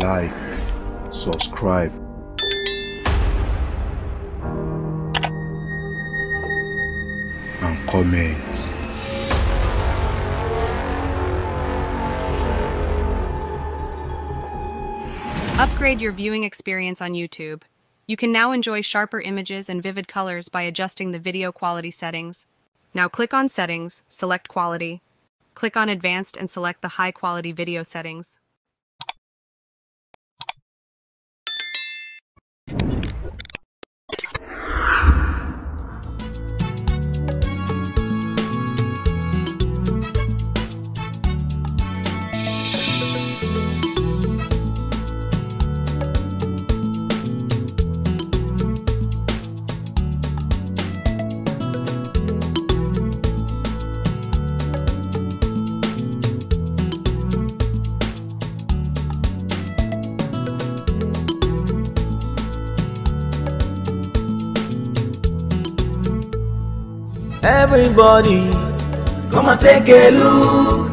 like, subscribe. and comment. Upgrade your viewing experience on YouTube. You can now enjoy sharper images and vivid colors by adjusting the video quality settings. Now click on Settings, select Quality. Click on Advanced and select the High Quality Video settings. Everybody, come and take a look.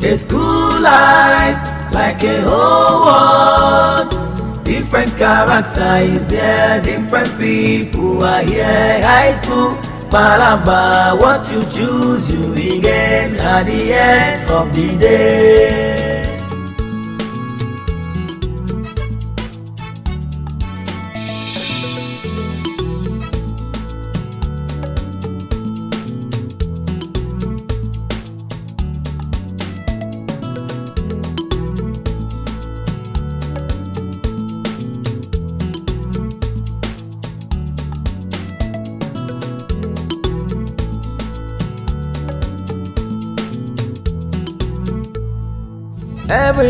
It's school life like a whole world. Different character is here, different people are here. High school, Palaba, what you choose, you will at the end of the day.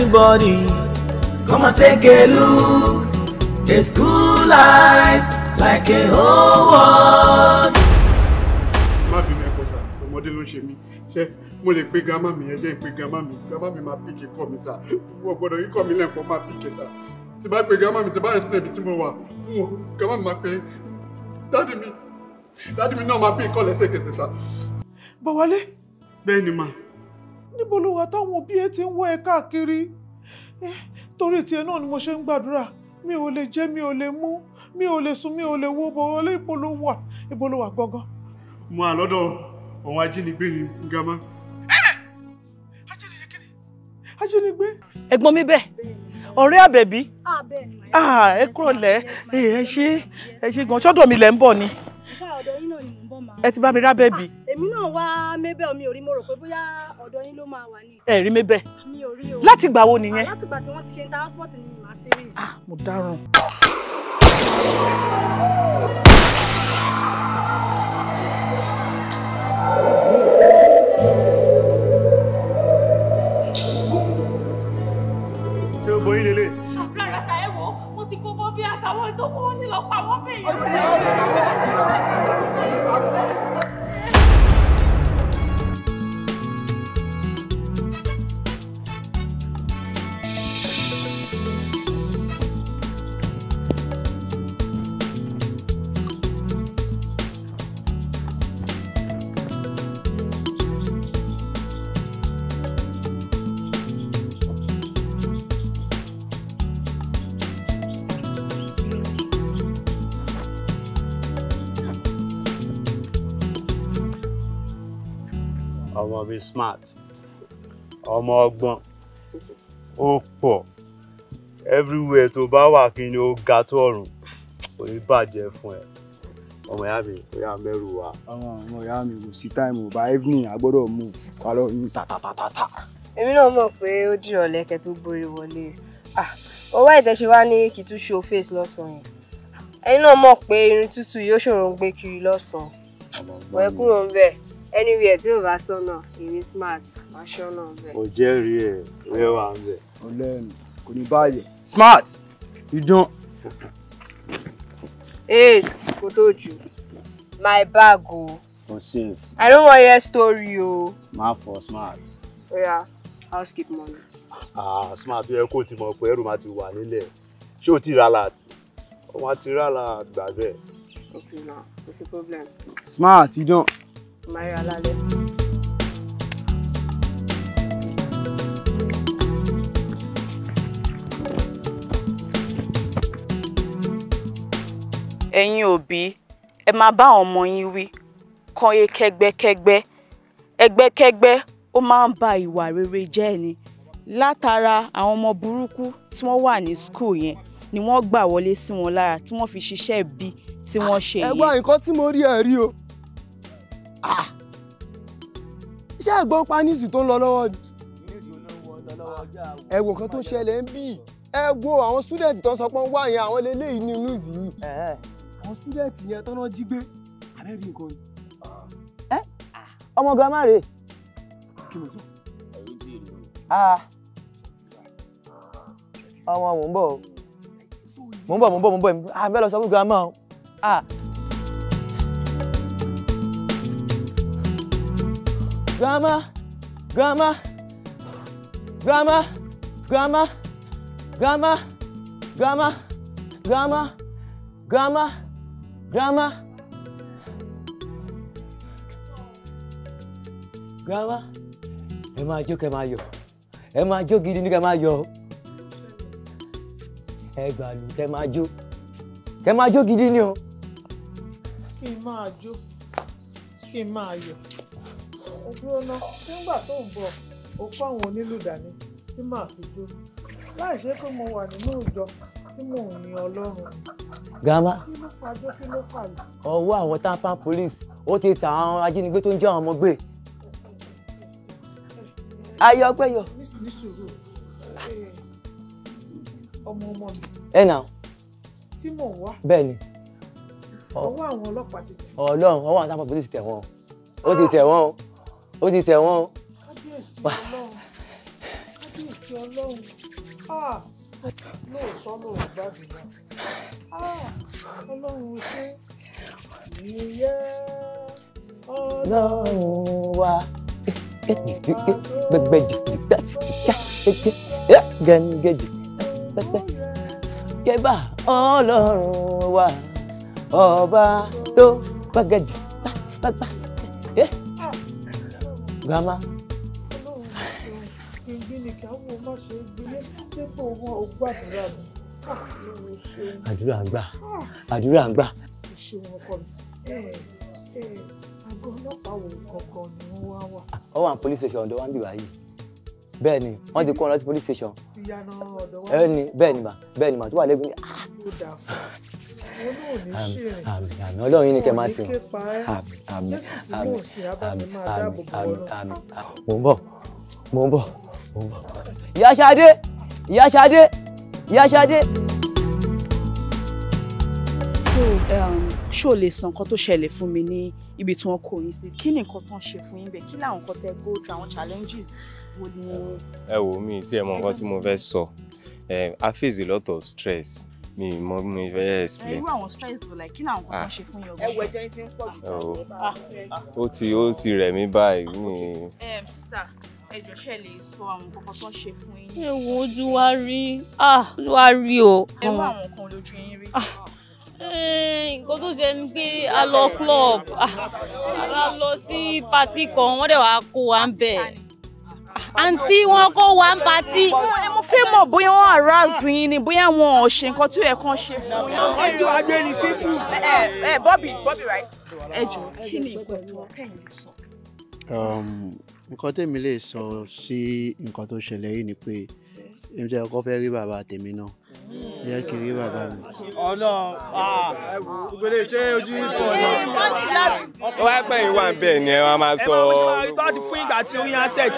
anybody. Come and take a look. The school life like a whole world. Má bínú ẹ̀kọ́ sá, ọmọdé ló ń ṣe mí. Ṣé mo lè pe grandma mi ẹjẹ́ ìpe grandma mi? Grandma mi máa píkì kọ́ mi sá. Wọ́n gbọ́dọ̀ kíkọ́ mi lẹ́ẹ̀kan máa píkì e, sá. Tí bá pe grandma mi, tí bá explain ibi tí mo wà fún wọn, grandma mi máa pe dáàdì mi. Dáàdì mi náà máa píkì kọ́ lẹ́sẹ̀kẹsẹ̀ sá. Bọ̀wálé. Bẹ́ẹ̀ ni mà. Níbo ló wà táwọn òbí ẹ ti ń wọ ẹ káàkiri? Eh, torí tiẹ̀ náà ni mo ṣe ń gbàdúrà mi ò lè jẹ mi ò lè mú mi ò lè sùn mi ò lè wo bò ọlẹ́ ibo ló wà ibo ló wà gangan. mo à lọ́dọ̀ ọ̀hún ajínigbé ni gama. Eh! ajínigbé kí ni ajínigbé. ẹ̀gbọ́n mi bẹ́ẹ̀ ọ̀rẹ́ àbẹ̀bí ah, ẹ kúrọ̀lẹ́ eh, ẹ ṣe ẹ ṣe gan ṣọ́dọ̀ mi lẹ́ ń bọ̀ ni ọ̀dọ̀ yín ẹ ti bá mi rá bẹ́ẹ̀bì. Ah, èmi náà wá mébẹ́ mi ò rí mo rò pé bóyá ọ̀dọ̀ yín ló máa wà ní. ẹ rí mébẹ́. mi ò rí o. láti gbà wo nìyẹn. Ah, láti gbà tí wọ́n ti ṣe transport ni màá ti rí. Ah, mo dáràn. ṣé o borí lélẹ̀? ti kó mọ́ bí àtàwọn ìtòkùn wọn ti lọ pa wọ́n bẹ̀yẹn. ọmọ bíi smart ọmọ ọgbọ́n ó pọ̀ everywhere tó bá wà kí ni ó ga tó ọ̀run kò ní bàjẹ́ fún ẹ ọmọ ìyá mi kò yá mẹ́rù wa. ọmọ ìyá mi kò sí táìmù bá evening agbọ́dọ̀ move ká lọ yún tàtàtàtà. èmi náà mọ̀ pé ó dìrọ̀ lẹ́kẹ̀ tó borí wọlé ọwọ́ ìtẹ̀sí wa ní kì í tún show face lọ́sàn-án yẹn ẹ̀yin náà mọ̀ pé irun tútù yóò ṣòro ń gbé kiri lọ́sàn-án wọ́n ẹ kúrò ń bẹ̀ anywhere tí o bá sọnà èmi smart wá sọnà bẹ́ẹ̀. o jẹ́rìí ẹ̀ rẹwà ń bẹ̀. ọlẹ́nu kò ní báyìí. smart idán. ace kò tó jù my bag o. kò sí. i don't wan hear story o. má fọ smart. oya housekeep money. ah smart yẹ kó o ti mọ̀ pé ẹrù máa ti wà nílẹ̀ ṣé o ti rà láti wọn ti rà láti gbàgbẹ́. ok na no, problem. smart idán. You know màá rí alálẹ́. ẹ̀yin òbí ẹ máa bá àwọn ọmọ yín wí kan ye kẹgbẹ́kẹgbẹ́ ẹgbẹ́kẹgbẹ́ ó máa ń ba ìwà rere jẹ́ ni látara àwọn ọmọ burúkú tí wọ́n wà ní skul yẹn ni wọ́n gbà wọlé sí wọn lára tí wọ́n fi ṣiṣẹ́ bí tí wọ́n ṣe yẹn. ẹgbẹ́ nǹkan tí mo rí ẹ̀ rí o iṣẹ́ ah. ẹ̀gbọ́n panisi tó ń lọ lọ́wọ́ ni ẹ̀wò kan tó ṣẹlẹ̀ ń bì ẹ wo àwọn student tó sọ pé wá yẹn àwọn lélẹ́yìí ní inú yìí àwọn student yẹn tọ́nà jí gbé àrẹ́rì nǹkan yìí. ẹ ọmọ girama rèé. kí ló sọ. Ah. ọmọ mò ń bọ̀ mò ń bọ̀ mò ń bọ̀ ah, mò ń bọ̀ àbẹ́ lọ sọ fún girama o. grandma, grandma, grandma, grandma, grandma, grandma, grandma, grandma, grandma, grandma. Ẹ máa jó kẹ́ máa yọ̀, ẹ máa jó gidi ní kẹ́ máa yọ̀ o. Ẹ gbàlù kẹ́ máa jó, kẹ́ máa jó gidi ni o. Kí n máa jó, kí n máa yọ̀ dúró ná nígbà tó ń bọ̀ ó kó àwọn onílù dání tí màá fi jó láì ṣe pé mo wà nínú ìjọ tí mò ń yin ọlọ́run. grandma kí ló fàájọ kí ló fàlù. ọwọ́ àwọn tampan police ó ti ta àwọn ajínigbé tó ń jẹ́ àwọn ọmọ gbé. ayọ̀ ọpẹ́ yọ. ní sùúrù ọmọ ọmọ mi. ẹ nà. tí mò ń wá. bẹ́ẹ̀ ni. ọwọ́ àwọn ọlọ́pàá ti tẹ̀. ọlọ́run ọwọ́ àwọn tampan police tẹ̀ wọ́n ó ti tẹ̀ wọ́n o ó ti tẹ̀ wọ́n o. kábíyèsí ọlọ́run ah! lóòótọ́ ló ń gbàdúrà ah! ọlọ́run ṣe ìyẹ́ ọlọ́run wa gbẹgbẹjì ọlọ́run wa ọba tó gbàgẹjì pápá. Grandma. Àdúrà ń gbà. Àdúrà ń gbà. Àgọ́ wà? ní police station ọ̀dọ̀ wa ń bì wá yìí bẹ́ẹ̀ ni wọ́n ti kó wọn lọ sí police station. ẹ ní bẹ́ẹ̀ ni mà bẹ́ẹ̀ mà tó wà lẹ́gbẹ̀ẹ́ àmì àmì ọlọ́run yín ni kẹ́ máa sìn àmì àmì àmì àmì àmì àmì àmì mò ń bọ̀ mò ń bọ̀ mò ń bọ̀. ìyá Ṣadé ìyá Ṣadé ìyá Ṣadé. Um, ṣó lè sọ nǹkan tó ṣẹlẹ̀ fún mi ní ibi tí wọ́n kó yín sí kí ni nǹkan tó ń ṣe fún yín bẹ́ẹ̀ kí làwọn nǹkan tẹ́ go through àwọn challenges wo ni. ẹ wo mi tí ẹ mọ nǹkan tí mo fẹ́ sọ i face a lot of stress mi mọ bí mo fẹ́ explain. irú àwọn stress bò like kí ni àwọn kan kan ah. ṣe fún yọ̀ọ́. ẹwọ ẹjẹ yín ti ń pọ̀ jù. Ah, ah. ó ti ó ti rẹ̀ mí báyìí. sista ẹjọ ṣe lè sọ àwọn kankan tó ń ṣe fún yín. ẹ wo ojú wa rí ojú wa rí o. ẹ wá àwọn kan lójú yín rí eh, nǹkan tó ṣe ni pé a lọ club a lọ sí pati kan wọ́n dẹ̀ wá kó wa ń bẹ̀ àǹtí wọn kó wá ń patí. mo fẹ́ mọ̀ bóyá wọ́n àràzù yín ni bóyá wọn ò ṣe nǹkan tí ó yẹ kán ṣe fún yín. ọjọ́ agbẹ́ni síkú. ẹ ẹ Bobby Bobby right. ẹ jù kí ni nǹkan tó kẹ́yìn sọ. Um, nǹkan tèmi lè sọ sí nǹkan tó ṣẹlẹ̀ yìí ni pé èmi tẹ́ ọkọ fẹ́ rí bàbá tèmi náà yẹ kiri bàbá mi. ọ̀nà ìgbèlè ṣé ojú ìfọ̀ ọ̀nà. ó wá pẹ́ ìwà bẹ́ẹ̀ ni ẹ wá máa sọ. ẹ máa wọ ibà ti fún ìgbà tí oyin asset.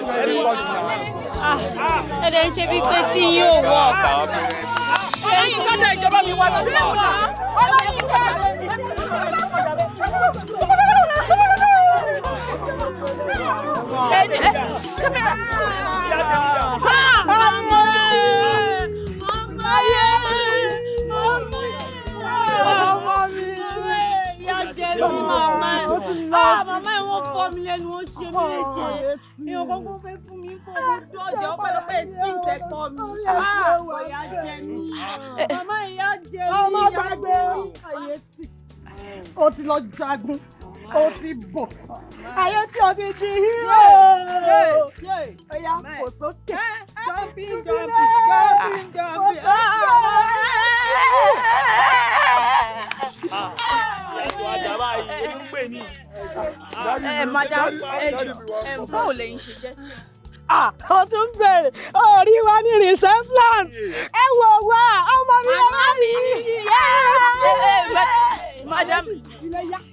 Ah, ẹ dẹ̀ ń ṣe bí pé tí yín ò wọ̀. olóyin kọ́tà ìjọba mi wà lórí ọ̀la. olóyin kọ́tà. ẹ ẹ kámẹ́rà. mi máa ra ẹ̀ ah màmá ẹ̀ wọ́n fọ́ mi lẹ́nu wọ́n ṣe mí léṣe èèyàn kọ́kọ́ fẹ́ fún mi kó mo dọ́jà ọpẹ́lọpẹ́ sí ìtẹ̀tọ́ mi ah ìyá jẹ mí eh, eh. màmá ìyá jẹ ah, mí ìyá jẹ mí. ó ti lọ jagun o ti bò ayé tí o ti di hero oya kò sókè jọ́bí jọ́bí jọ́bí jọ́bí. ẹ̀sùn àjàmbá yìí ló ń pè ní. ẹ madam ẹjọ ẹ báwo lẹ̀yin ṣe jẹ́ sí i ó tún bẹ̀rẹ̀ orí wa ní resemblance ẹ wò wá ọmọ mi lọ́wọ́ mi. Eh, eh, madam.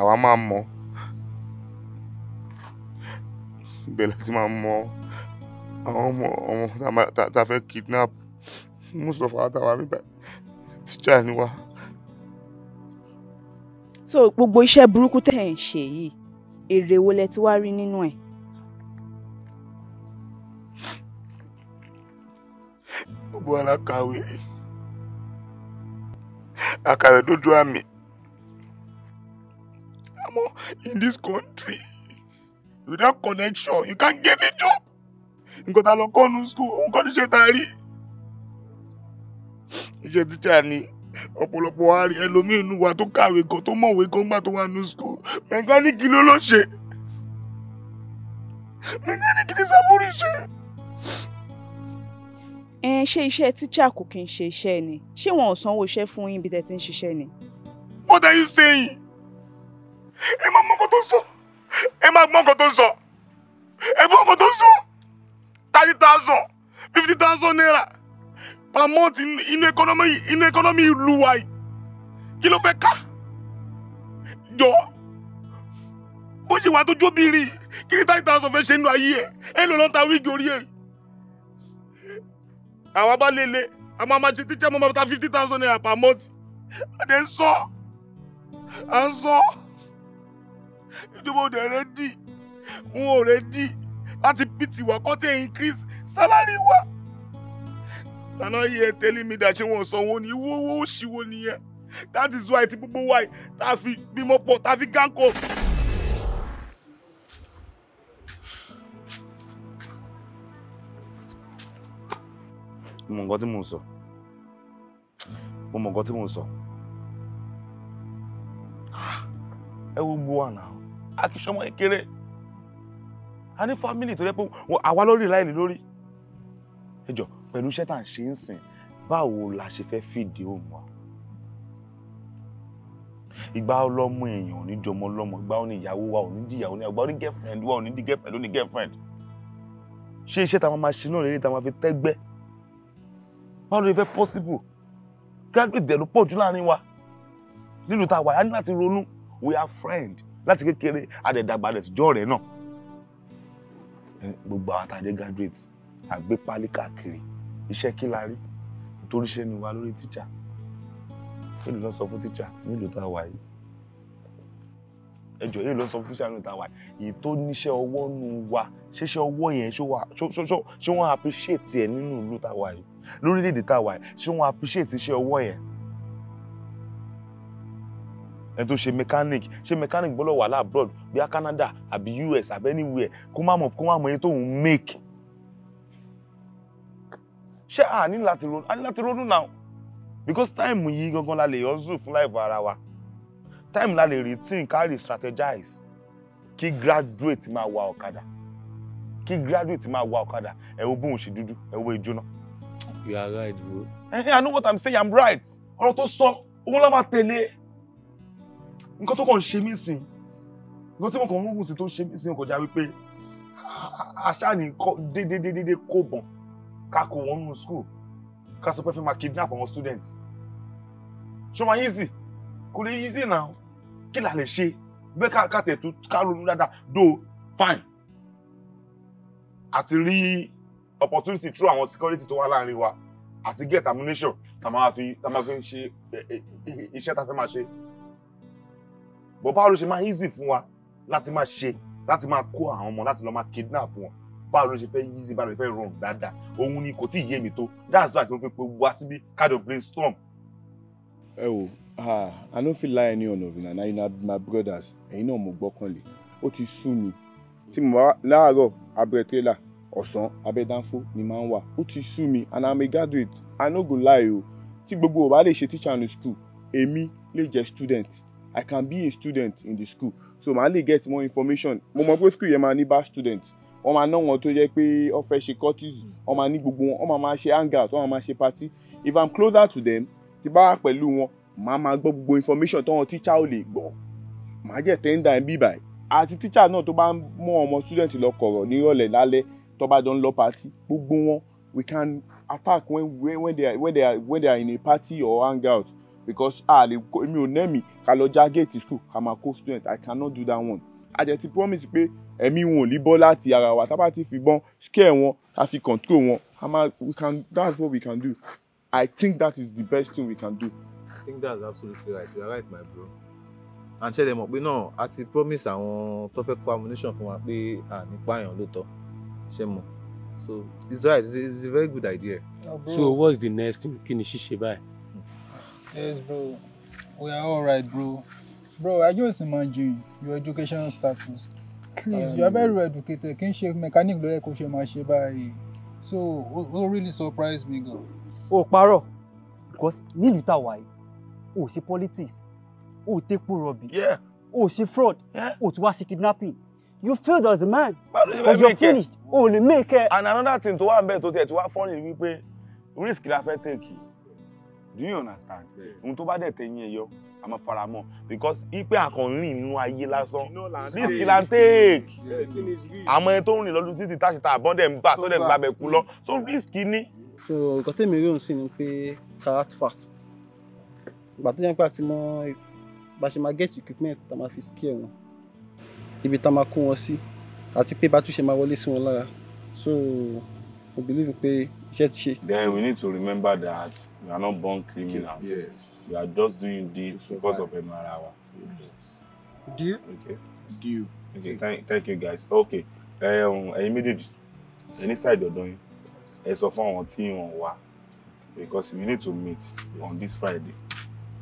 àwa máa mọ ibẹ̀ láti máa mọ àwọn ọmọ ọmọ tá a fẹ́ kidnap most of our táwa níbẹ̀ tíjà ni wá. so gbogbo iṣẹ́ burúkú tẹ̀ ń ṣe yìí èrè wo lẹ ti wá rí nínú ẹ̀. gbogbo alákàwé alákàwé dójú àmì mama in this country without connection you can't get a job nǹkan ta lọ kọ́ nu school òun kọ́ ní ṣe ta rí iṣẹ́ tíṣà ni ọ̀pọ̀lọpọ̀ wa rí ẹlòmíín nu wa tó kàwé kan tó mọ̀wé kan gbà tó wà nu school mẹkáníìkì ló ló ṣe mẹkáníìkì ní sábúrú ṣe. ẹ ṣe iṣẹ́ tíṣà kò kí n ṣe iṣẹ́ ni ṣé wọn ò sanwó iṣẹ́ fún yín bí tẹ́ ti ń ṣiṣẹ́ ni. What are you saying? ẹ máa mọ tó ń sọ ẹ máa gbọ́ tó ń sọ ẹ gbọ́ nǹkan tó ń sọ thirty thousand fifty thousand naira per month in economy in economy. ìlú wa yìí kí ló fẹ́ ká jọ bó ṣe wà tó jóbìnrin kí ni thirty thousand fẹ́ ṣe nínú ayé ẹ ẹ lò lọ́ta wíìgì orí ẹ àwọn bá lè lè àmọ́ àmọ́ ṣe tíṣẹ́ mọ́ fifty thousand naira per month àdé ń sọ à ń sọ ìjọba òde ready n ò ready láti pìtì wá kọ́ tí ẹ̀ increase salary wa. tànà yẹ tẹ́lẹ̀ mi dàṣẹ́ wọn sanwó ni ìwọ owó òṣìwò nìyẹn that is why ti gbogbo wa tá a fi bímọ pọ̀ tá a fi gánkọ̀. mo mọ nǹkan tí mò ń sọ mo mọ nǹkan tí mò ń sọ ah! ẹ wo gbó wa náà akíṣọmọ kékeré a ní fámìlì tó yẹ pé àwa lórí láìlè lórí ẹ jọ pẹ̀lú iṣẹ́ tá à ń ṣe ń sìn báwo la ṣe fẹ́ fìdí òun wa ìgbà ọlọ́mọ èèyàn ò ní di ọmọ ìgbà ò ní ìyàwó wa ò ní di ní ọgbà ò ní girlfriend wa ò ní di girlfriend ò ní girlfriend ṣé iṣẹ́ táwọn máa ṣe náà lè rí táwọn fi tẹ́gbẹ́ báwo ló fẹ́ possible graduate dẹ̀ ló pọ̀ jù láàrin wa nílùú tá wà á ní láti ronú we are friends láti kékeré àdẹ̀dàgbà rẹ̀ tìjọ́ rẹ̀ náà gbogbo àwọn àtàdé graduate àgbé pálí káàkiri iṣẹ́ kí la rí nítorí iṣẹ́ ni wà lórí tíjà èlò lọ sọ fún tíjà nílùú tá a wà yìí ẹjọ èlò lọ sọ fún tíjà nílùú tá a wà yìí èyí tó níṣẹ́ ọwọ́ nù wa ṣẹṣẹ ọwọ́ yẹn ṣé wọ́n appreciate ẹ̀ nínú ìlú tá a wà yìí lórílẹ̀‐èdè tá a wà yìí ṣé wọ́n appreciate iṣẹ́ ọwọ́ yẹn ẹni tó ṣe mechanic ṣe mechanic gbọ́dọ̀ wà láàbroad bíi Canada àbí US àbí anywhere kó má mọ̀ kó má mọ̀ iye tó ń make ṣé a ní láti ronú a ní láti ronú now because time yìí gangan la lè hustle fún life ara wa time la lè rethink carry strategize kí graduate máa wa ọ̀kadà kí graduate máa wa ọ̀kadà ẹ wo bóun ṣe dúdú ẹ wo ìjóná. you are right bro. Eh, eh, I know what I'm saying I'm right ọ̀rọ̀ tó sọ òun la máa tẹ̀lé nǹkan tó kàn ń ṣe mí sìn nǹkan tí mo kàn ń hùwù sí tó ń ṣe mí sìn kọjá wípé àṣà ni dédédédé kò bọ̀n ká kó wọn nù school ká sọ pé fẹ́ máa kidnap àwọn student ṣó máa easy kò lè easy náà kí là lè ṣe bẹ́ẹ̀ ká tẹ̀ tó ká ronú dáadáa do fine àti rí opportunity through àwọn security tó wà láàrin wa àti get ammunition tá máa fi ṣe e, e, e, iṣẹ́ tá fẹ́ máa ṣe but báwo ló ṣe máa easy fún wa láti máa ṣe láti máa kó àwọn ọmọ láti lọ máa kidnap wọn báwo ṣe fẹ́ easy báwo fẹ́ rọrùn dáadáa òun ni kò tí ì yé mi tó that's why tí fi pe wá síbi kind of brainstorm. ẹ wo i no fit lie any one of una na una my brothers ẹ̀yin náà mo gbọ́kànlé ó ti sú mi tí mo bá láàárọ̀ abẹ́rẹ́ tírélà ọ̀sán abẹ́dánfó ni máa ń wà ó ti sú mi and i'm a graduate i no go lie o tí gbogbo ò bá lè ṣe teacher ní school èmi lè jẹ́ student i can be a student in the school so màá le get more information mo mọ pé school yẹn máa ní bad student wọ́n máa ná wọn tó jẹ́ pé wọ́n fẹ́ ṣe courses wọ́n máa ní gbogbo wọn wọ́n máa ṣe hangout wọ́n máa máa ṣe party if i'm closer to them ti bá wà pẹ̀lú wọn màá máa gbọ́ gbogbo information tọ́wọ́n teacher ò lè gbọ́ màá jẹ́ tender ẹ̀ bíbà àti teacher náà tó bá ń mọ ọmọ student lọ kọ̀rọ̀ nírọ̀lẹ́ lálẹ́ tó bá jọ ń lọ party gbogbo wọn we can attack when, when, when, they are, when, they are, when they are in a party or hangout because a lè kó èmi ò nẹ́mi ká lọ já gate school ká máa kó student i cannot do that one a jẹ ti promise pé ẹ̀mí wọn ò ní bọ́ láti ara wa tá a bá ti fìbọn scare wọn a fi control wọn a máa we can that's what we can do i think that is the best thing we can do. i think that's absolutely right you are right my bro and ṣe lè mọ̀ pé náà a ti promise àwọn tó fẹ́ kó ammunition fún wa pé à ní pààyàn lóòótọ́ ṣe mọ̀ so it's right it's, it's a very good idea. Oh, so what's the next thing kí ni ṣíṣe báyìí. Yes, bro. We are all right, bro. Bro, I just imagine your educational status. Please, um, you are very well educated. Can she ṣe mechanic ló yẹ kó ṣe máa ṣe So, who really surprised me gan. Oh, paro, because nílùú tá why? Oh, she politics. Oh, take poor Robbie. Yeah. Oh, she fraud, Yeah. Oh, to watch she kidnapping. You failed as a man. But you're finished. O lè make And another thing to wà ń to tó to what wá we pay? risk la fẹ́ take yìí do you understand ohun tó bá dẹ̀ tẹ̀yìn ẹ̀ yọ a máa fara mọ́ because ipe àkànrìn nínú ayé lásán kill and take àmọ́ ẹni tó ń rìn lọ́dún títí táṣìta àbọ̀n dẹ̀ ń bà tó dẹ̀ ń gbàbẹ̀ kú lọ so risk ni. so nǹkan tẹ̀mí rí òun sì ni pé carat fast ìgbà tó yẹn pé àti mọ bá ṣe máa get equipment tá a máa fi scare wọn ibi tá a máa kó wọn sí àti pé bá tún ṣe máa wọlé sí wọn lára so we believe pé iṣẹ́ ti ṣe. then we need to remember that we are not born criminals yes. we are just doing this because of ẹ̀mọ̀ra wa. deal okay. deal. okay thank, you guys okay um, ẹ̀yin méjèèjì ẹni side ọ̀dọ́ yín ẹ sọ fún àwọn tí wọ́n wá because we need to meet yes. on this friday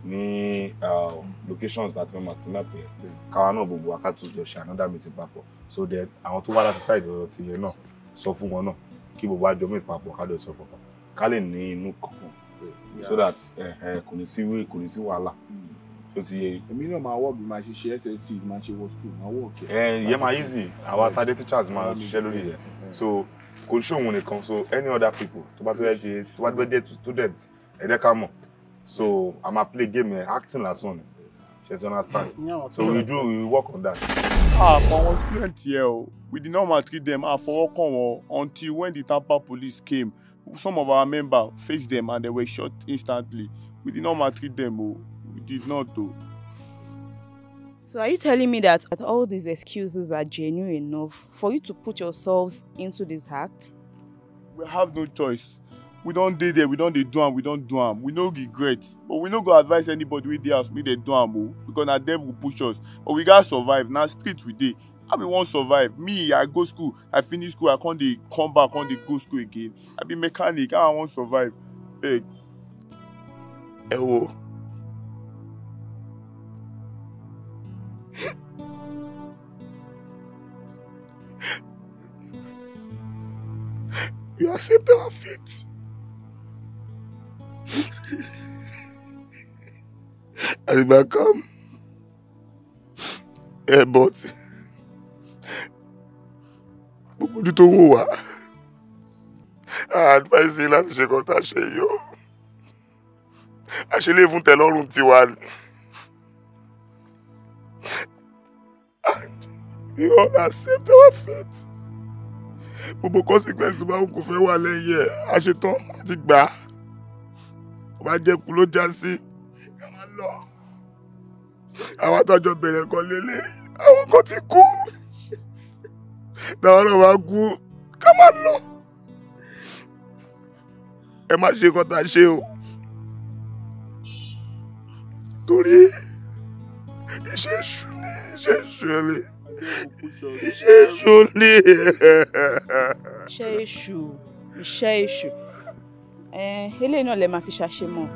ní uh, locations láti fẹ́ máa kidnap yẹn káwa náà gbogbo wa ká tó jọ ṣe another meeting papọ̀ so then àwọn tó wá láti side ọ̀dọ́ ti yẹn náà sọ fún wọn náà kí gbogbo àjọ mẹ́ta papọ̀ ká lè sọ kankan ká lè ní inú kankan so that eh, eh, kò ní sí kò ní sí wàhálà tó mm. ti yé. èmi náà máa wọ́ọ̀bù máa ṣiṣẹ́ ssc máa ṣe wọ́ọ̀kì máa wọ́ọ̀kì. ẹ eh, ìyẹn máa easy àwa tade teachers máa ṣiṣẹ́ lórí yẹn so kò ń ṣòwò nìkan so any other people tó bá tó yẹ ṣe tó bá tó jẹ́ student ẹ jẹ́ ká mọ̀ so a play game acting lásán one. She understand so we do we work on that àpọ̀ àwọn student yẹn o we did not maltreat them and fọwọ́ kàn wọ́n until when the Tampa police came some of our members faced them and they were shot instantly we did not maltreat them o oh. we did not o. So are you telling me that all these excuses are genuine enough for you to put yourselves into this act? We have no choice we don dey there we don dey do am we don do am we no regret but we no go advise anybody wey dey house make dem do am o because na devil push us but we gats survive na street we dey how we wan survive me i go school i finish school i come dey come back come dey go school again i be mechanic how i wan survive abeg. ẹ wo you accept our fate àgbà kan ẹ̀bọ̀ But gbogbo ojú tó ń wò wá àdìpáìsì láti ṣe kan tá a ṣe yìí o àṣelé fún tẹ́lọ́rùn tiwa ni we all accept our fate gbogbo consequence máa ń kò fẹ́ wà lẹ́yìn ẹ̀ àṣetán àti gbà á ó bá jẹ́ kú ló já sí ká máa lọ àwọn àtàjọ bẹ̀rẹ̀ kan lélẹ̀ àwọn kan ti kú táwọn náà wá kú ká máa lọ ẹ má ṣe kọ́ta ṣe o torí iṣẹ́ èṣù ni iṣẹ́ èṣù ẹ lè iṣẹ́ èṣù ni. iṣẹ́ èṣù iṣẹ́ èṣù Eh, eléyìí náà lè máa fi ṣàṣemọ̀.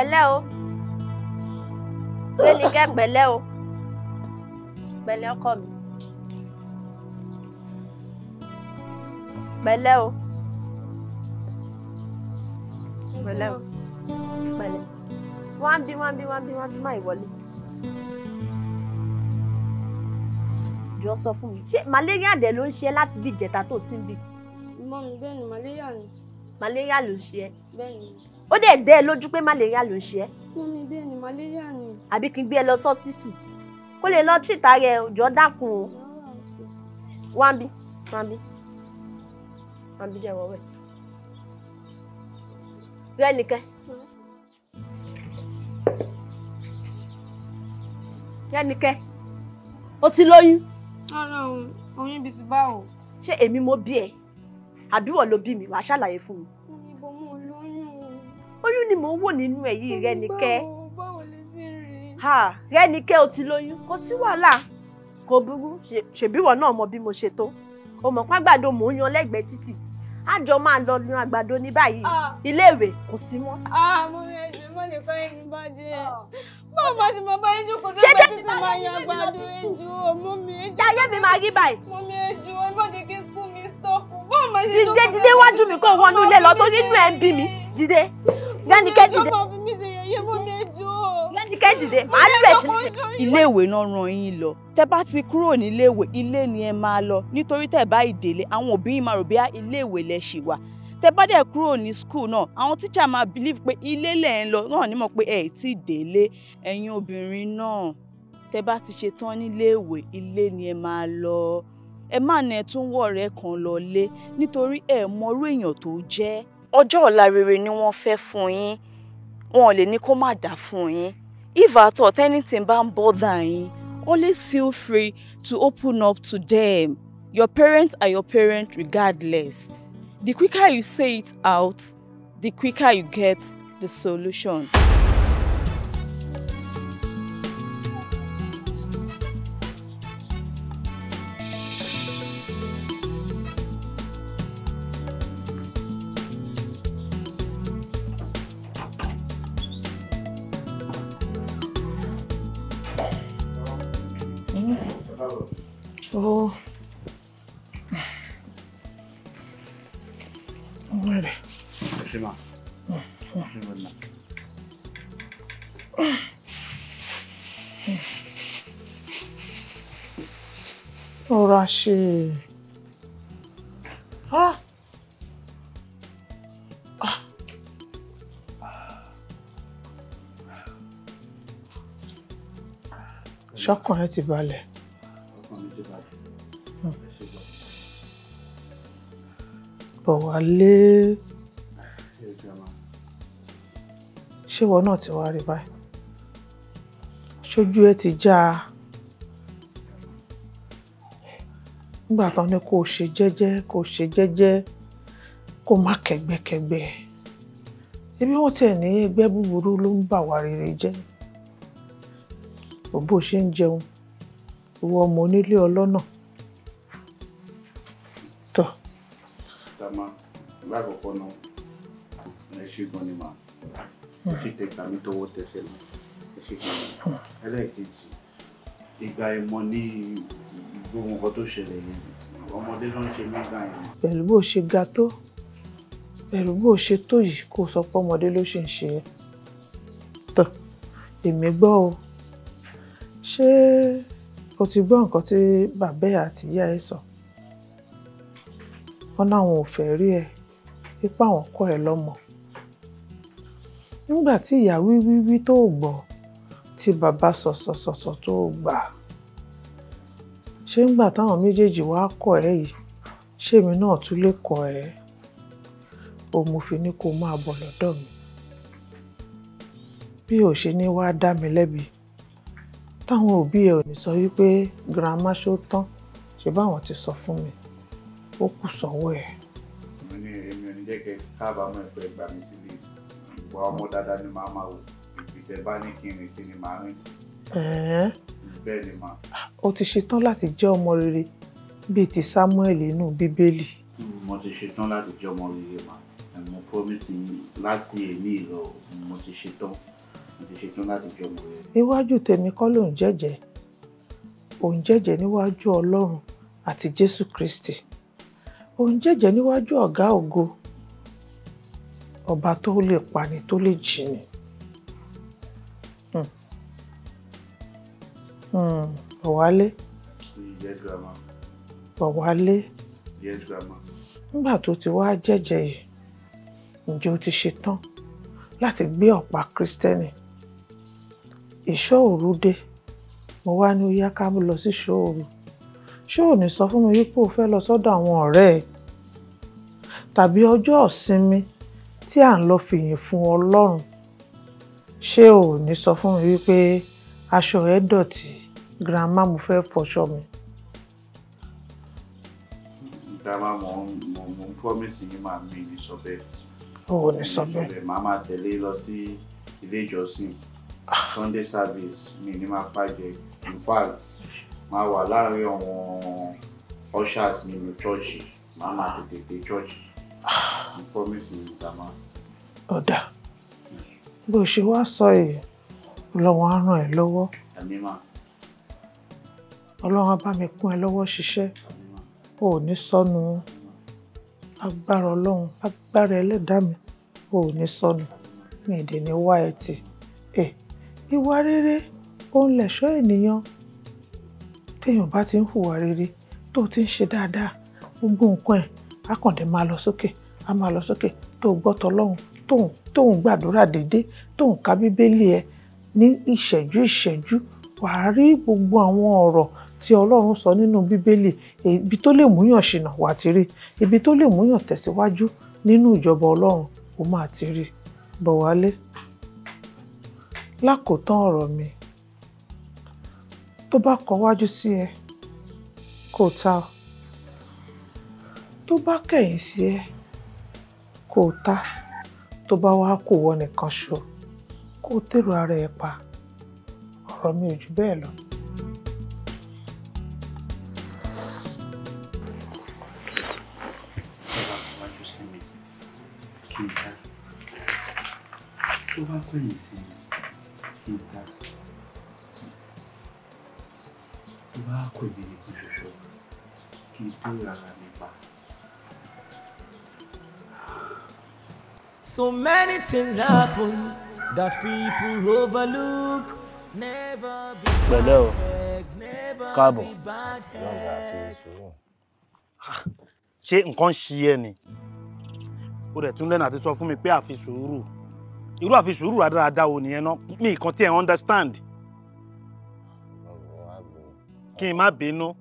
pẹ̀lẹ́ o gbẹnigẹ pẹ̀lẹ́ o pẹ̀lẹ́ ọkọ mi pẹ̀lẹ́ o pẹ̀lẹ́ o pẹ̀lẹ́ wọn bí wọn bí wọn bí wọn bí má ìwọlé jọ sọ fún mi ṣé malaria dẹ̀ ló ń ṣe láti bí ìjẹta tó ti ń bì. mọ mi bẹ́ẹ̀ ni malaria ni. malaria ló ń ṣe. bẹ́ẹ̀ ni ó dẹ̀ dẹ́ ẹ lójú pé malaria ló ń ṣe ẹ́. fún mi bẹ́ẹ̀ ni malaria ni. àbí kí n gbé ẹ lọ sọ́sìbítù kó lè lọ tí ìta rẹ òjò dákun o. wọ́n bí wọ́n bí wọ́n bí jẹ́ wọ́wẹ́. rẹ́ nìkẹ́. rẹ́ nìkẹ́. o ti lóyún. ọlọ́run oyún bíi ti bá o. ṣé èmi mo bí ẹ àbí wọ́n ló bí mi wàá ṣàlàyé fún mi. Hmm oyún ni mò ń wò nínú ẹ yìí Rẹ́nikẹ́ Rẹ́nikẹ́ o ti lóyún kò sí wàhálà kò burú ṣèbíwọ náà mọ bí mo ṣe tó o mọ pàgbàdo mò ń yan lẹ́gbẹ̀ẹ́ títì a jọ máa lọ yan àgbàdo ní báyìí ah. iléèwé kò sí mọ́. Ah, mo ní ẹjẹ mo ní kọ́ ẹyin bá jẹ ah. báwo máa ṣe máa bá ẹjọ kò sí ẹgbẹ́ títí máa yan àgbàdo ẹjọ mú mi ẹjọ. yáyé mi máa rí báyìí. mo ní ẹjọ ẹ má jẹ́ kí school mi stop báwo máa ṣe jókòó. dídé dídé wájú mi kò wọnú ilé lọ tó nínú ẹ ń bí mi dìde Gbẹ́nikẹ́ dìde. ìjọba fi mí ṣe yẹ̀yẹ́ mọ́ mi jù. Gbẹ́nikẹ́ dìde màá bẹ̀rẹ̀ ṣẹṣẹ. iléèwé náà rán yín lọ tẹ bá ti kúrò níléèwé ilé ni ẹ máa lọ nítorí tẹ bá ìdèlé àwọn òbí yín máa rò bí i iléèwé lẹ ṣì wà tẹ bá dẹ̀ kúrò ní school náà àwọn tíṣà ma believe pé ilé le ń lọ náà nímọ̀ pé ẹ̀ tí ì délé ẹ̀yin obìnrin náà tẹ bá ti ṣetán níléèwé ilé ni ẹ máa lọ ẹ má na ẹ tún wọ̀ ọ̀rẹ́ kan lọ lé nítorí ẹ mọrú èèyàn tó jẹ́ ọjọ́ ọ̀la rere ni wọ́n fẹ́ fún yín wọn ò lè ní kó má dà fún yín if at all anything bá ń bother yín always feel free to open up to them your parents are your parents regardless the quicker you say it out the quicker you get the solution. ṣe. Ah. ṣọ́kàn ẹ ti balẹ̀. bọ̀ wá lé ṣé ìwọ náà ti wá rí báyìí ṣojú ẹ ti já a. nígbà tán ni kò ṣe jẹ́jẹ́ kò ṣe jẹ́jẹ́ kò má kẹ́gbẹ́kẹ́gbẹ́ ebi wọn tiẹ̀ ní ẹgbẹ́ búburú ló ń bà wá rere jẹ́ òbó ṣe ń jẹun ìwọ ọmọ onílé ọlọ́nà tọ. dama lákòókò náà ẹ ṣe gan ni màá ẹ ṣe tẹgbà mi tọwọ́ tẹsẹ̀ lọ ẹ ṣe gan ni hmm. ẹlẹ́ẹ̀kejì ìgbà ẹ̀mọ́ ní gbogbo nǹkan tó ṣẹlẹ̀ yẹn ọmọdé ló ń ṣe mí gan yẹn. pẹ̀lú bó ṣe ga tó pẹ̀lú bó ṣe tó yìí kó sọ pé ọmọdé ló ṣì ń ṣe é tán èmi gbọ́ o ṣé o ti gbọ́ nǹkan tí bàbá ẹ̀ àti ìyá ẹ̀ sọ wọn náwọn ò fẹ́ rí ẹ ipá àwọn kọ́ ẹ lọ́mọ nígbà tí ìyá wíwíwí tó gbọ́ tí bàbá sọ̀sọ̀sọ̀sọ̀ tó gbà. So, ṣé ńgbà táwọn méjèèjì wàá kọ̀ ẹ́ yìí ṣèmi náà tún lè kọ̀ ẹ́ o mo fi ní kó máa bọ̀ lọ́dọ̀ mi bí ò ṣe ní wàá dá mi lẹ́bi táwọn òbí ẹ ò ní sọ wípé girama ṣó tán ṣe báwọn ti sọ fún mi ó kù sọ́wọ́ ẹ̀. mo ní èmi ò ní jẹ́ kẹ́ káàbàámọ̀ ẹ̀fọ́ ẹgbà mi sílé ìwà ọmọ dáadáa ni màá máa wò ìgbẹ́ bá ní kí n rìn sí ni màá rìn sí bẹ́ẹ̀ ni màá. o ti ṣetán láti jẹ́ ọmọ rere bíi ti Samuel inú bíbélì. Mm, mo ti ṣetán láti jẹ́ ọmọ rere màá mo promise yín láti èmi lọ mo ti ṣetán mo ti ṣetán láti jẹ́ ọmọ rere. iwájú tèmi kọ́ ló ń jẹ́jẹ́ ò ń jẹ́jẹ́ níwájú Ọlọ́run àti Jésù Kristi ò ń jẹ́jẹ́ níwájú ọ̀gá ògo ọba tó lè pani tó lè jìnnì Hmm. ọ̀wálé. yes grandma. ọ̀wálé. yes grandma. nígbà tó ti wá jẹ́jẹ́ yìí ǹjẹ́ o ti ṣetán láti gbé ọ̀pá kristẹni ìṣọ́ òru dé mo wá ní ó yá ká lọ sí ṣọ́ òru ṣé ò ní sọ fún mi wípé o fẹ́ lọ sọ́dọ̀ àwọn ọ̀rẹ́ ẹ tàbí ọjọ́ ìsinmi tí à ń lọ fìyìn fún ọlọ́run ṣé ò ní sọ fún mi wípé aṣọ ẹ dọ̀tí grandma mo fẹ́ fọṣọ mi. grandma mo mo mo promise yín máa mi ní sọ bẹ́ẹ̀. o ní sọ bẹ́ẹ̀. màá máa tẹ̀lé lọ sí ilé ìjọsìn ah. sunday service mi ní máa pàjẹ́ in fact máa wà láàrin àwọn ushers nínú chọ́ọ̀chì màá máa tètè dé chọ́ọ̀chì ah. mo promise yín grandma. ọ̀dà bó ṣe wá sọ yìí lọ́wọ́ á ràn ẹ́ lọ́wọ́. àmì máa ọlọ́run á bá mi kún ẹ lọ́wọ́ ṣiṣẹ́ o ò ní sọnù agbára ọlọ́run agbára ẹlẹ́dàá mi o ò ní sọnù ní èdè ní wá ẹ tì ẹ ìwà rere òun lẹ̀ṣọ́ ènìyàn téèyàn bá ti ń hùwà rere tó ti ń ṣe dáadáa gbogbo nǹkan ẹ̀ á kàn dé máa lọ sókè á máa lọ sókè tó gbọ́tọ̀ ọlọ́run tóun gbàdúrà déédéé tóun ka bíbélì ẹ ní ìṣẹ́jú ìṣẹ́jú wàá rí gbogbo àwọn ọ̀rọ̀ tí Ọlọ́run sọ nínú Bíbélì ibi tó lè múyàn ṣìnà wà ti rí ibi tó lè múyàn tẹ̀síwájú nínú ìjọba Ọlọ́run ó máa ti rí Bọ̀wálé lákòótán ọ̀rọ̀ mi tó bá kọ wájú sí ẹ kò ta tó bá kẹ̀yìn sí ẹ kò ta tó bá wá kò wọ nìkan ṣo kó tèrò ara ẹ pa ọ̀rọ̀ mi ò jù bẹ́ẹ̀ lọ. tó bá pẹ̀yìn sí i ìgbà tó bá kọ èmi nìkan ṣoṣo kí n So many things happen that people overlook. Never be pẹ̀lẹ́ o káàbọ̀ lọ́gbà ṣe sùúrù. Ah, ṣé nǹkan ṣí ẹ ni ó dẹ̀ tún lẹ́nu àti sọ fún mi pé àfi sùúrù irú àfi sùúrù rádaràda ò nìyẹn ná mi kan tí ẹ understand kí n má bínú